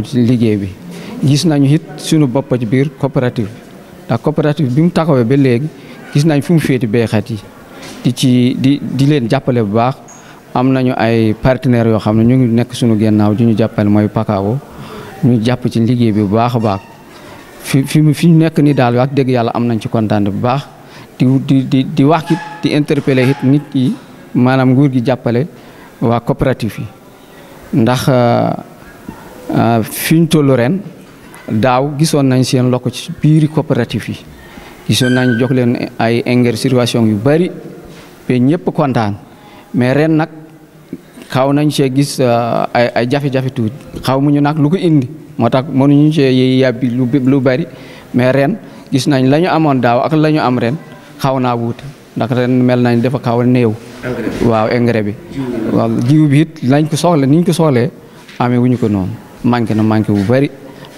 ci liggéey bi gis nañu it suñu bopp ci biir coopérative bi ndax coopérative bi mu taxawee ba léegi gis nañ fu mu féeti béykat yi di ci di di leen jàppale bu baax am nañu ay partenaires yoo xam ne ñu ngi nekk suñu gennaaw di ñu jàppale mooy pakaawo ñu jàpp ci liggéey bi bu baax a baax fi fi mu fi ñu nekk ni daal wax dëgg yàlla am nañ ci kontaan bu baax di di di di wax it di interpeller it nit yi maanaam nguur gi jàppale waa coopérative yi ndax euh, Euh, fi ñu toll ren daaw gisoon nañ seen lokko ci biir coopérative yi gisoon nañ jox leen ay engrais situation yu bari ba ñëpp kontaan mais ren nag xaw nañ cee gis euh, ay ay jafe-jafe tuuti xaw mu ñu nag lu ko indi moo tax mënuñu cee yàbbi lu lu bari mais ren gis nañ la amoon daaw ak lañu am ren xaw naa wuute ndax ren mel nañ dafa xaw a waaw engrais bi. waaw jiw bi it lañ ko soxla niñ ñu ko soxlee amee wuñu ko noonu. manqué na manqué bu bari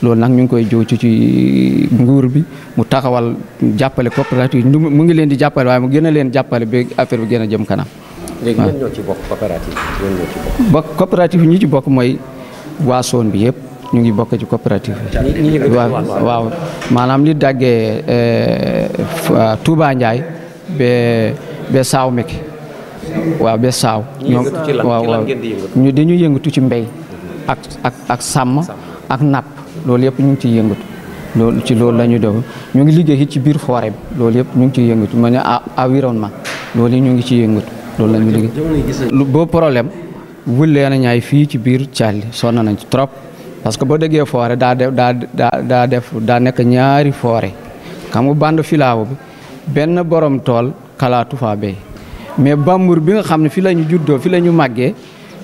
loolu nag ñu ngi koy jooju ci nguur bi mu taxawal jàppale coopérative mu ngi leen di jàppale waaye mu gën leen jàppale ba affaire bi gën a jëm kanam. léegi ñun bokk coopérative ñun ñoo ci bokk. mooy waa zone bi yëpp ñu ngi bokk ci coopérative bi. waaw maanaam li daggee euh, Touba Ndiaye Saaw Mekki waaw be Saaw. ñoom waaw waaw ñu dañuy yëngatu ci mbéy. ak ak ak sàmm ak napp loolu yëpp ñu ngi ciy yëngatu loolu ci loolu la ñu def ngi liggéey ci biir forêt bi loolu yëpp ñu ngi ciy yëngatu ma ne environnement loolu ñu ngi ciy yëngatu loolu la ñu liggéey boo problème wullee na ñaay fii ci biir Thiali sonn nañ ci trop parce que boo déggee forêt daa def daa daa def daa nekk ñaari forêt xam nga bande filaaw benn borom tool kalaatu faa béy mais bambur bi nga xam ne fi la ñu juddoo fi la ñu màggee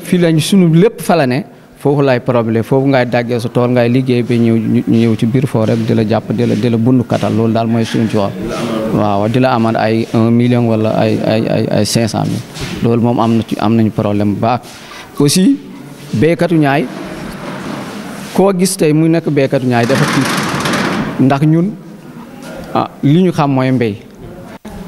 fi lañu ñu sunu lépp fala ne foofu lay problème foofu ngay daggee sa tool ngay liggéey ba ñëw ñu ñëw ci biir foo rek di la jàpp di la di bund katal loolu daal mooy suñu coono waaw di la aman ay 1 million wala ay ay ay ay 500 loolu moom am na ci am nañu problème bu baax aussi béykatu ñaay koo gis tey muy nekk béykatu ñaay dafa tiit ndax ñun ah li ñu xam mooy mbéy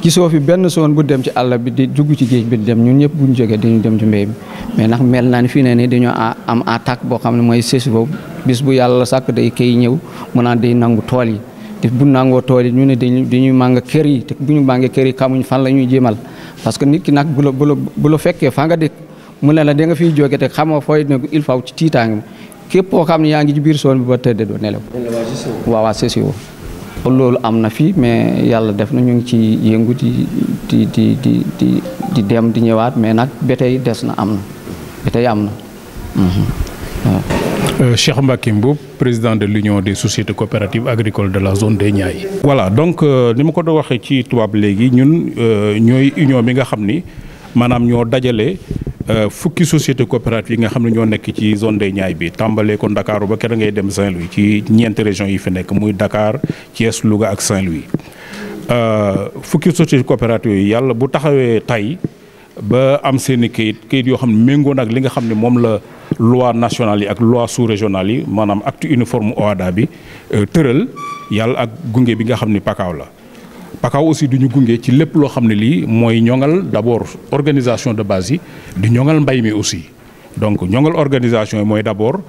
gisoo fi benn zone bu dem ci àll bi di dugg ci géej bi di dem ñun ñëpp bu ñu jógee dañu dem ci mbéy mi. mais ndax mel naa ni fii ne ni dañoo am attaque boo xam ne mooy sës boobu bis bu yàlla sàkk day kay ñëw mu naan day nangu tool yi te bu nangoo tool yi ñu ne dañuy ñu màng kër yi te bu ñu màngee kër yi xamuñ fan la ñuy jéemal parce que nit ki nag bu la bu la bu la fekkee fa nga de mu ne la da nga fiy jóge te xamoo fooy ne il faut ci tiitaange képp koo xam ne yaa ngi ci biir zone bi ba tëddee doo nelaw. waaw waaw sës boobu. loolu am na fi mais yàlla def na ñu ngi ci yëngu di di di di di dem di ñëwaat mais nag ba tey des na am bi tey am na. Mhm. Euh, Cheikh président de l'union des sociétés coopérative agricole de la zone des Niayes. voilà donc euh, ni ma ko doon waxee ci tubaab léegi ñun euh, ñooy union bi nga xam ni maanaam ñoo dajale. fukki société coopérative yi nga xam ne ñoo nekk ci zone des Niayes bi tàmbalee ko Ndakaaru ba kera ngay dem Saint-Louis ci ñeenti région yi fi nekk muy Dakar Thiès Louga ak Saint-Louis fukki société coopérative yi yàlla bu taxawee tay ba am seen kayit kayit yoo xam ne méngoo na ak li nga xam ne moom la loi nationale yi ak loi sous régionale yi maanaam acte uniforme OHADA bi euh, tëral yàlla ak gunge bi nga xam ne pakaaw la pakaaw aussi du ñu gunge ci lépp loo xam ne lii mooy ñoŋal d'abord organisation de base yi di ñoŋal mbay mi aussi donc ñoŋal organisation yi mooy d'abord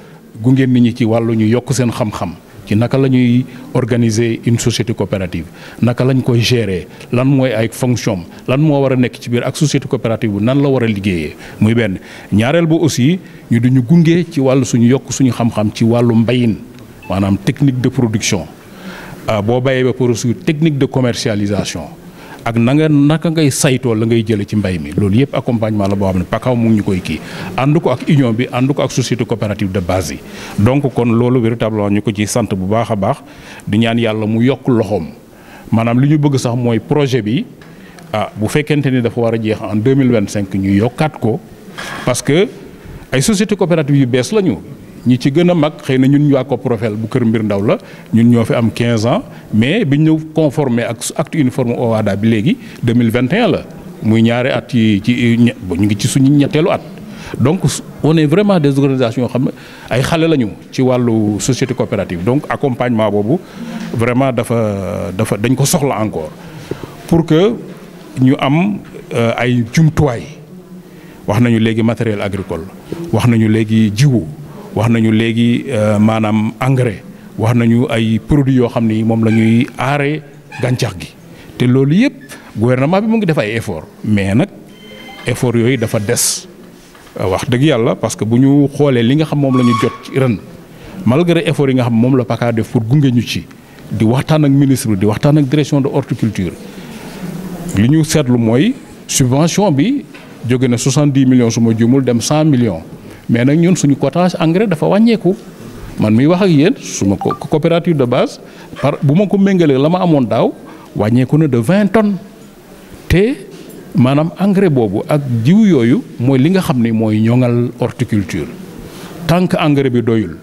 gunge nit ñi ci wàllu ñu yokk seen xam-xam ci naka la ñuy organiser une société coopérative naka lañ koy gérer lan mooy ay fonction lan moo war a nekk ci biir ak société coopérative bu nan la war a liggéeyee muy benn ñaareel bu aussi ñu duñu gunge ci wàllu suñu yokk suñu xam-xam ci wàllu mbayin maanaam technique de production ah, boo bayee ba pour technique de commercialisation ak nanga naka ngay saytoo la ngay jëlee ci mbay mi loolu yëpp accompagnement la boo xam ne PACAW mu ngi ñu koy kii ànd ko ak union bi ànd ko ak société coopérative de base yi donc kon loolu véritablement ñu ko ci sant bu baax a baax di ñaan yàlla mu yokk loxoom maanaam li ñu bëgg sax mooy projet bi ah bu fekkente ni dafa war a jeex en 2025 ñu yokkaat ko parce que ay société coopérative yu bees la ñu ñi ci gën a mag xëy na ñun ñu ko Coprofel bu Kër Mbir Ndaw la ñun ñoo fi am 15 ans mais bi ñu conformé ak acte uniforme OHADA bi léegi 2021 la muy ñaari at yi ci ñu ngi ci suñu ñetteelu at. donc on est vraiment des organisations yoo xam ne ay xale lañu ci wàllu société coopérative donc accompagnement boobu vraiment dafa dafa dañ ko soxla encore pour que ñu am euh, ay jumtuwaay wax nañu léegi matériel agricole wax nañu léegi jiwu. wax nañu léegi euh, maanaam engrais wax nañu ay produits yoo xam ni moom lañuy aare aaree gàncax gi te loolu yëpp gouvernement bi mu ngi def ay effort mais nag effort yooyu dafa des euh, wax dëgg yàlla parce que bu ñu xoolee li nga xam moom la ñu jot ren malgré effort yi nga xam moom la PACA def pour gunge ñu ci di waxtaan ak ministre di waxtaan ak direction de horticulture li ñu seetlu mooy subvention bi jóge na 70 millions su ma jumul dem 100 millions. mais nag ñun suñu cotage engrais dafa wàññeeku man mii wax ak yéen suma ko coopérative de base par bu ma ko méngalee la ma amoon daaw wàññeeku na de vingt tonnes te maanaam engrais boobu ak jiw yooyu mooy li nga xam ni mooy ñoŋal horticulture tant que engrais bi doyul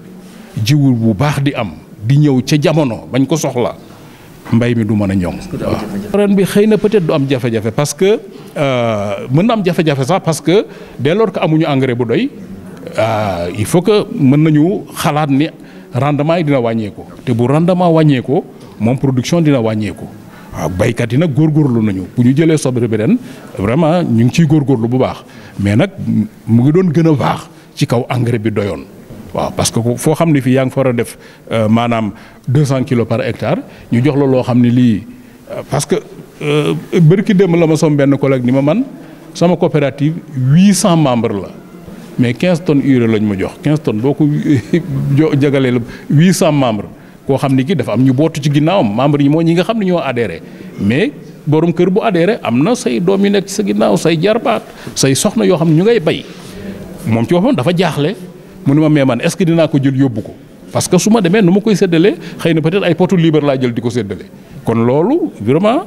jiw bu baax di am di ñëw ca jamono bañ ko soxla mbay mi du mën a ñoŋ waaw ren bi xëy na peut-être du am jafe-jafe parce que euh, mën am jafe-jafe sax parce que dès lors amuñu engrais bu doy ah il faut que mën nañu xalaat ni rendement yi dina wàññeeku te bu rendement wàññeeku moom production dina wàññeeku waaw baykat yi góor góorlu nañu bu ñu jëlee soble bi ren vraiment ñu ngi ciy góorgóorlu bu baax mais nag mu ngi doon gën a baax ci kaw engrais bi doyoon. waaw parce que foo xam ne fii yaa ngi fa a def euh, maanaam 200 kilos par ectare ñu jox la loo xam ne lii euh, parce que bërki démb la ma som benn collègue ni ma man sama coopérative 800 membres la. mais 15 tonnes urée lañ ma jox 15 ton boo ko jagalee la 800 membres koo xam ni ki dafa am ñu bootu ci ginnaawam membres yi moo ñi nga xam ne ñoo adhéré mais borom kër bu adhéré am na say doom yu nekk sa ginnaaw say jarbaat say soxna yoo xam ne ñu ngay bay moom ci boppam dafa jaaxle mu ne ma mais man est-ce que dinaa ko jël yóbbu ko parce que su ma demee nu ma koy séddalee xëy na peut-être ay pot libre laa jël di ko séddale kon loolu vraiment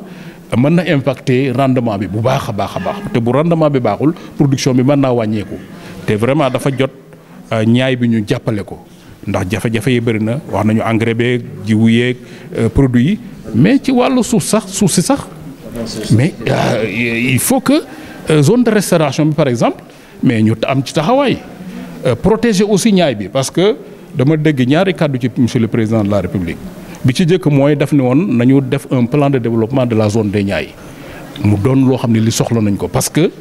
mën na impacter rendement bi bu baax a baax a baax te bu rendement bi baaxul production bi mën naa wàññeeku. te vraiment dafa jot euh, ñaay bi ñu jàppale ko ndax jafe-jafe yi bëri na wax nañu engrais beeg jiwu yeeg euh, produits yi mais ci wàllu suuf sax suuf si sax mais euh, il faut que zone de restauration bi par exemple mais ñu am ci taxawaay protéger aussi ñaay bi parce que dama dégg ñaari kàddu ci monsieur le président de la république bi ci njëkk mooy def ni woon nañu def un plan de développement de la zone des Niayes mu doon loo xam ne li soxla nañ ko parce que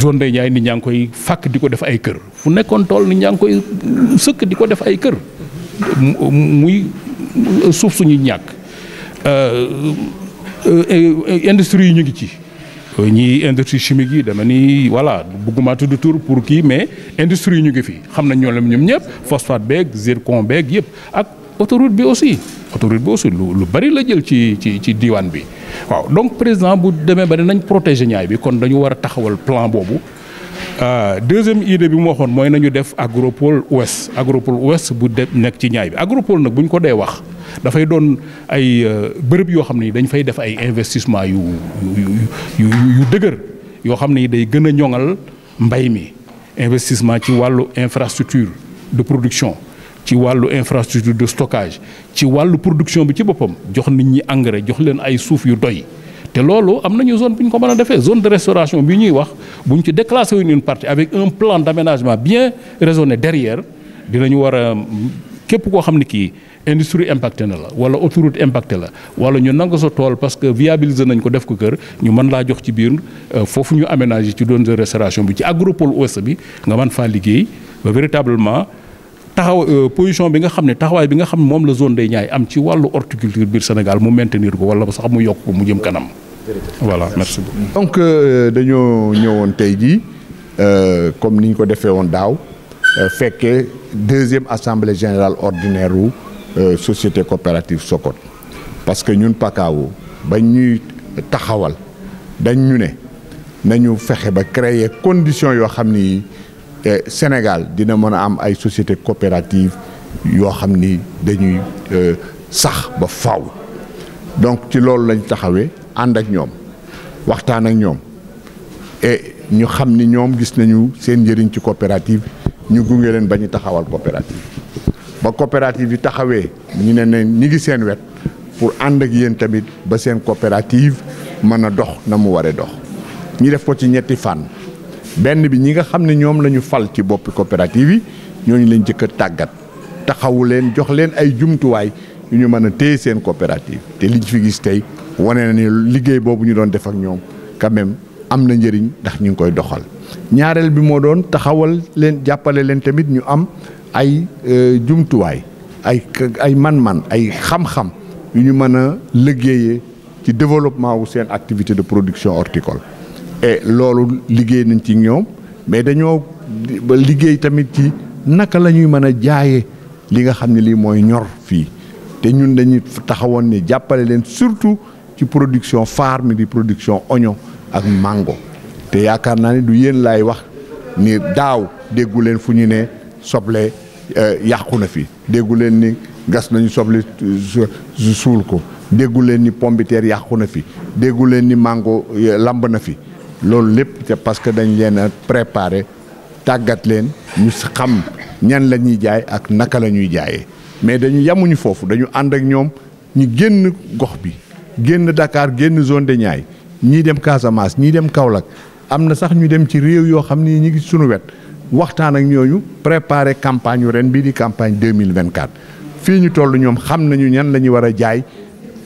zone day jaay ni ñaa ngi koy fàkk di ko def ay kër fu nekkoon tool nit ñaa ngi koy sëkk di ko def ay kër muy suuf suñuy ñàkk euh, euh, euh, industrie yu ñu ngi ci ñii industrie chimique yi dama ni voilà bëgguma de tour pour kii mais industrie yi ñu ngi fi xam nañ ñoo leen ñoom ñëpp phosphate beeg zircon beeg yëpp ak autoroute bi aussi autoroute bi aussi lu lu bari la jël ci ci ci diwaan bi waaw donc président bu demee ba ne nañ protéger ñaay bi kon dañu war a taxawal plan boobu. Euh, deuxième idée bi mu waxoon mooy nañu def agropole ouest agropole ouest bu dem nekk ci ñaay bi agropole nag bu ko dee wax dafay doon ay euh, bërëb yoo xam ne dañ fay def ay investissement yu yu yu dëgër yoo xam ne day gën a ñoŋal mbay mi investissement ci wàllu infrastructure de production. ci wàllu infrastructure de stockage ci wàllu production bi ci boppam jox nit ñi engrais jox leen ay suuf yu doy te loolu am nañu zone bu ñu ko mën a defee zone de restauration bi ñuy wax bu ñu ci déclassé wuñ une partie avec un plan d'aménagement bien raisonné derrière dinañu war a képp koo xam ne kii industrie impacté na la wala autorite impacté la wala ñu nangu sa tool parce que viabiliser nañ ko def ko kër ñu mën laa jox ci biir euh, foofu ñu aménagé ci zone de bi ci agropole ouest bi nga mën faa liggéey véritablement. taxaw euh, position bi nga xam ne taxawaay bi nga xam moom la zone des Niayes am ci wàllu horticulture biir Sénégal mu maintenir ko wala sax mu yokk ko mu jëm kanam. voilà merci beaucoup. donc euh, dañoo ñëwoon tey jii euh, comme niñ ko defee woon daaw fekkee deuxième assemblée général ordinaire wu société coopérative Sokone parce que ñun pakaawu bañ ñuy taxawal dañ ñu ne nañu fexe ba créer condition yoo xam ni. Sénégal dina mën a am ay société coopérative yoo xam ni dañuy euh, sax ba faaw donc ci loolu lañ taxawee ànd ak ñoom waxtaan ak ñoom et ñu xam ni ñoom gis nañu seen njëriñ ci coopérative ñu gunge leen ba ñu taxawal coopérative ba coopérative yi taxawee ñu ne ne ñi ngi seen wet pour ànd ak yéen tamit ba seen coopérative mën a dox na mu waree dox ñu def ko ci ñetti fànn. benn bi ñi nga xam ne ñoom la ñu fal ci boppi coopérative yi ñu leen jëkk a tàggat taxawu leen jox leen ay jumtuwaay yu ñu mën a téye seen coopérative te liñ fi gis tey wane na liggéey boobu ñu doon def ñoom quand même am na njëriñ ndax ñu ngi koy doxal ñaareel bi moo doon taxawal leen jàppale leen tamit ñu am ay euh, jumtuwaay ay ay man-man ay xam-xam yu ñu mën a liggéeyee ci développement wu seen activité de production horticole E loolu liggéey nañ ci ñoom mais dañoo ba liggéey tamit ci naka la ñuy mën a jaaye li nga xam ne lii mooy ñor fii te ñun dañuy taxawoon ne jàppale leen surtout ci production phare mi di production oño ak mango te yaakaar naa ne du yéen laay wax ni daaw déggu leen fu ñu ne soble e, yàqu na fi déggu leen ni gas nañu soble suul ko déggu leen ni pombiteer yàqu na fi déggu leen ni mango e, lamb na fi loolu lépp c'est parce que dañ leen a préparé tàggat leen ñu xam ñan la ñuy jaay ak naka la ñuy jaayee mais dañu yamuñu foofu dañu ànd ak ñoom ñu génn gox bi génn dakaar génn zone de ñaay ñii dem Casamance ñii dem Kaolack am na sax ñu dem ci réew yoo xam ni ñu ngi suñu wet waxtaan ak ñooñu préparer campagne yu ren bii di campagne deux mille vingt quatre fii ñu toll ñoom xam nañu ñan la ñu war a jaay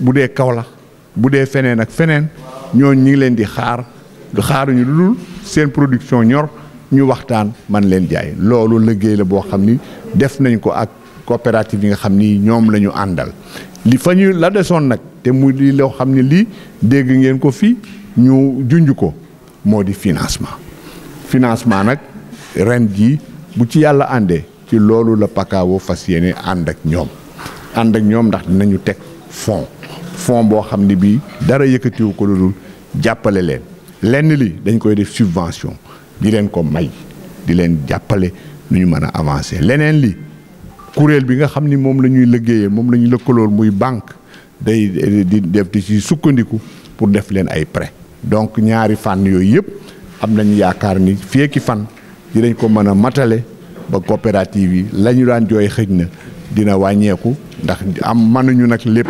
bu dee Kaolack bu dee feneen ak feneen ñooñu ñu ngi leen di xaar. du xaaruñu lu dul seen production ñor ñu waxtaan man leen jaay loolu liggéey la boo xam ni def nañ ko ak coopérative yi nga xam ni ñoom la ñu àndal li fa ñu la desoon nag te mu li loo xam ne lii dégg ngeen ko fii ñu junj ko moo di financement financement nag ren jii bu ci yàlla àndee ci loolu la pakaawo fas yéene ànd ak ñoom ànd ak ñoom ndax dinañu teg fond fond boo xam ne bii dara yëkkatiwu ko lu dul jàppale leen lenn li dañ koy def subvention di leen ko may di leen jàppale nu ñu mën a avancé leneen li kuréel bi nga xam ni moom la ñuy liggéeyee moom la ñuy lëkkalool muy banque day eh, di def di ci sukkandiku pour def leen ay prêt donc ñaari fànn yooyu yëpp am nañu yaakaar ni feeki fan dinañ ko mën a matale ba coopérative yi la ñu daan jooy xëj na dina wàññeeku ndax am mënuñu nag lépp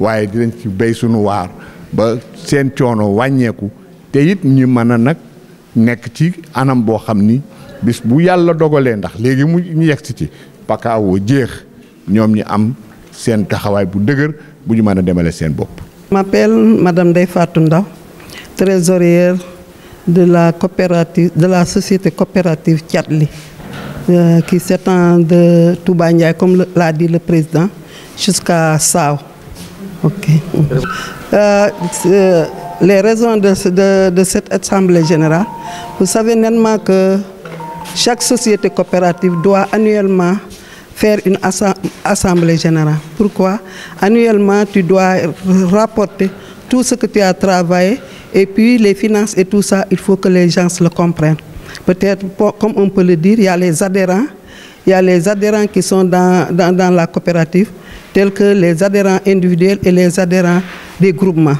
waaye dinañ ci béy suñu waar ba seen coono wàññeeku te it ñu mën a nag nekk ci anam boo xam ni bis bu yàlla dogalee ndax léegi mu ñu yegsi ci pakawoo jeex ñoom ñu am seen taxawaay bu dëgër bu ñu mën a demale seen bopp. Je m'appelle Madame Ndeye Fatou Ndaw trésorière de la coopérative de la société coopérative Thiatly euh, qui s'étend de Touba Ndiaye comme l'a dit le président jusqu'à Sao. Euh, euh, les raisons de, de, de, cette Assemblée générale, vous savez nettement que chaque société coopérative doit annuellement faire une Assemblée générale. Pourquoi Annuellement, tu dois rapporter tout ce que tu as travaillé et puis les finances et tout ça, il faut que les gens le comprennent. Peut-être, comme on peut le dire, y a les adhérents, il les adhérents qui sont dans, dans, dans la coopérative, tels que les adhérents individuels et les adhérents des groupements.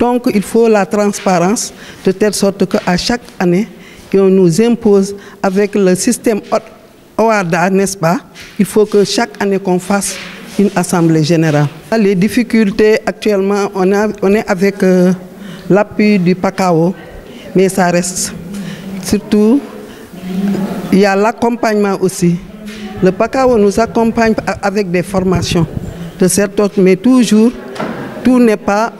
Donc il faut la transparence de telle sorte que à chaque année, on nous impose avec le système OADA, n'est-ce pas Il faut que chaque année qu'on fasse une assemblée générale. Les difficultés actuellement, on, a, on est avec euh, l'appui du PACAO, mais ça reste. Surtout, il y a l'accompagnement aussi. Le PACAO nous accompagne avec des formations de certaines, toujours, tout n'est pas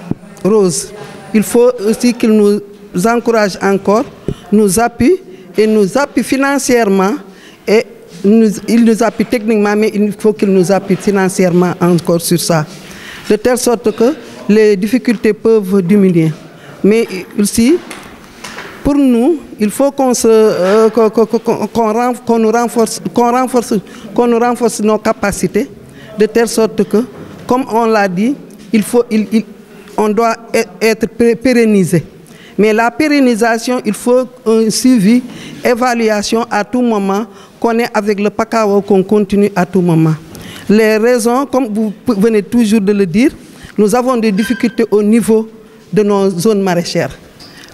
Rose, il faut aussi qu'il nous encourage encore, nous appuie et nous appuie financièrement et nous, il nous appuie techniquement, mais il faut qu'il nous appuie financièrement encore sur ça. De telle sorte que les difficultés peuvent diminuer. Mais aussi, pour nous, il faut qu'on euh, qu nous renforce, qu'on renforce, nous renforce nos capacités, de telle sorte que, comme on l'a dit, il faut, il, on doit e-, être pérennisé. Mais la pérennisation, il faut un suivi, évaluation à tout moment, qu'on avec le PACAO, qu'on continue à tout moment. Les raisons, comme vous venez toujours de le dire, nous avons des difficultés au niveau de nos zones maraîchères.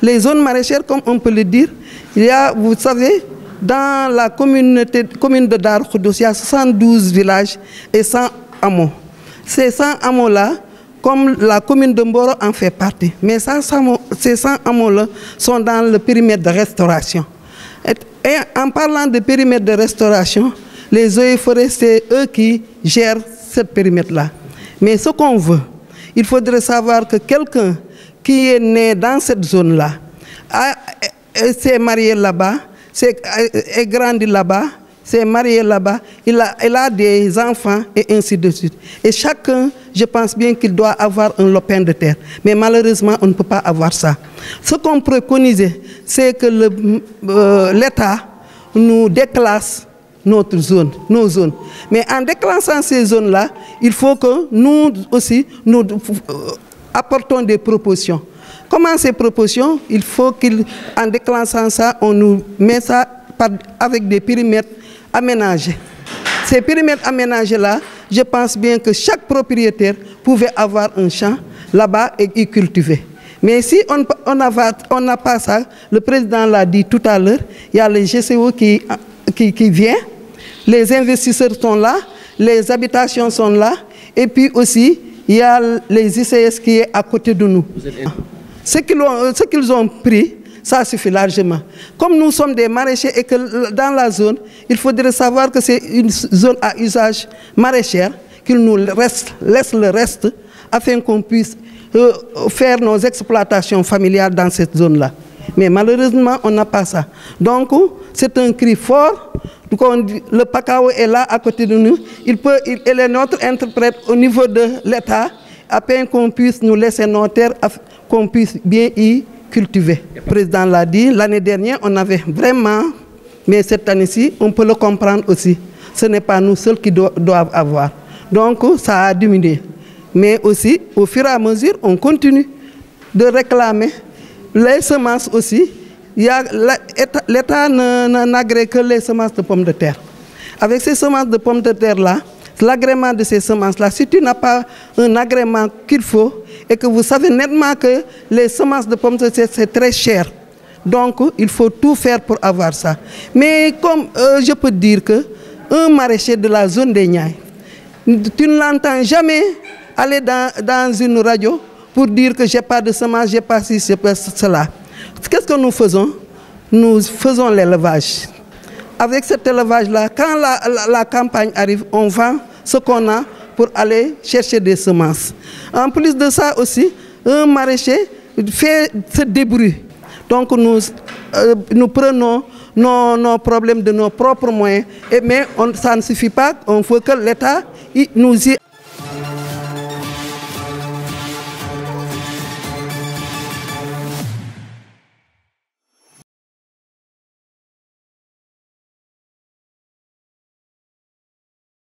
Les zones maraîchères, comme on peut le dire, il vous savez, dans la communauté, commune de Dar il y a 72 villages et 100 hameaux. Ces 100 hameaux-là, comme la commune de Mboro en fait partie. Mais ça, ça ces 100 hameaux-là sont dans le périmètre de restauration. Et, et en parlant de périmètre de restauration, les eaux forêts, c'est eux qui gèrent ce périmètre-là. Mais ce qu'on veut, il faudrait savoir que quelqu'un qui est né dans cette zone-là, s'est marié là-bas, est, est grandi là-bas, s'est marié là-bas, il a, il a des enfants et ainsi de suite. Et chacun, je pense bien qu'il doit avoir un lopin de terre. Mais malheureusement, on ne peut pas avoir ça. Ce qu'on préconisait, c'est que euh, l'État euh, nous déclasse notre zone, nos zones. Mais en déclassant ces zones-là, il faut que nous aussi, nous euh, apportons des propositions. Comment ces propositions Il faut qu'en déclenchant ça, on nous met ça par, avec des périmètres aménagés. Ces périmètres aménagés-là, je pense bien que chaque propriétaire pouvait avoir un champ là-bas et y cultiver. Mais si on n'a on pas ça, le président l'a dit tout à l'heure, il y a les GCO qui, vient, les investisseurs sont là, les habitations sont là, et puis aussi, il y a les ICS qui est à côté de nous. Ce qu'ils ont pris, ça suffit largement. Comme nous sommes des maraîchers et que dans la zone, il faudrait savoir que c'est une zone à usage maraîchère, qu'il nous reste, laisse le reste afin qu'on puisse euh, faire nos exploitations familiales dans cette zone-là. Mais malheureusement, on n'a pas ça. Donc, c'est un cri fort. Donc, le Pacao est là à côté de nous. Il, peut, il, il est notre interprète au niveau de l'État afin qu'on puisse nous laisser nos terres, qu'on puisse bien cultivé. Le président l'a dit, l'année dernière, on avait vraiment, mais cette année-ci, on peut le comprendre aussi. Ce n'est pas nous seuls qui doivent avoir. Donc, ça a diminué. Mais aussi, au fur et à mesure, on continue de réclamer les semences aussi. L'État n'agrée que les semences de pomme de terre. Avec ces semences de pomme de terre-là, l'agrément de ces semences-là, si tu n'as pas un agrément qu'il faut, et que vous savez nettement que les semences de pommes de terre, c'est très cher. Donc, il faut tout faire pour avoir ça. Mais comme euh, je peux dire que un maraîcher de la zone des Niayes, tu ne l'entends jamais aller dans, dans, une radio pour dire que j'ai pas de semences, j'ai pas ci, j'ai pas cela. Qu'est-ce que nous faisons Nous faisons l'élevage. Avec cet élevage-là, quand la, la, la campagne arrive, on vend ce qu'on a pour aller chercher des semences. En plus de ça aussi, un maraîcher fait ce débrouille. Donc nous, euh, nous prenons nos, nos, problèmes de nos propres moyens, et, mais on, ça ne suffit pas, on faut que l'État nous y